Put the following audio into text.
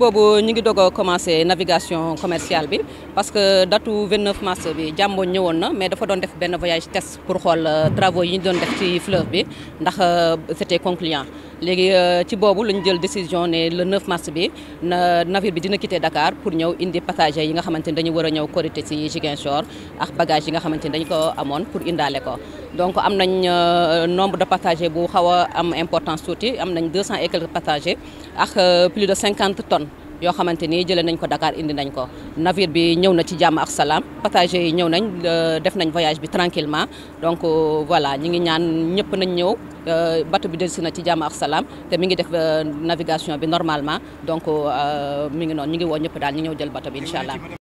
bobu ñu ngi dogo navigation commerciale bi parce que datu 29 mars bi jàmboon ñewon na mais dafa doon def ben voyage test pour xol euh, travaux yi ñu doon def ci fleuve bi ndax euh, c'était concluant léegi euh, ci bobu luñu jël décision né le 9 mars bi na navire bi dina quitter Dakar pour ñew indi passagers yi nga xamanteni dañu war ñew ñëw ci Ziguinchor ak bagages yi nga xamanteni dañ ko amone pour indalé ko donc am nombre de passagers bu xawa am importance tuuti am 200 et quelques passagers ak plus de 50 tonnes. yoo xamante ni jëlee nañ ko Dakar indi nañ ko navir bi ñëw na ci jàmm ak salaam passagers yi ñëw nañ euh, def nañ voyage bi tranquillement donc euh, voilà ñi ngi ñaan ñëpp nañ ñëw euh, bateau bi dellusi na ci jàmm ak salaam te mi ngi def navigation bi normalement donc mi ngi noonu ñu ngi woo ñëpp daal ñu ñëw jël bateau bi incha allah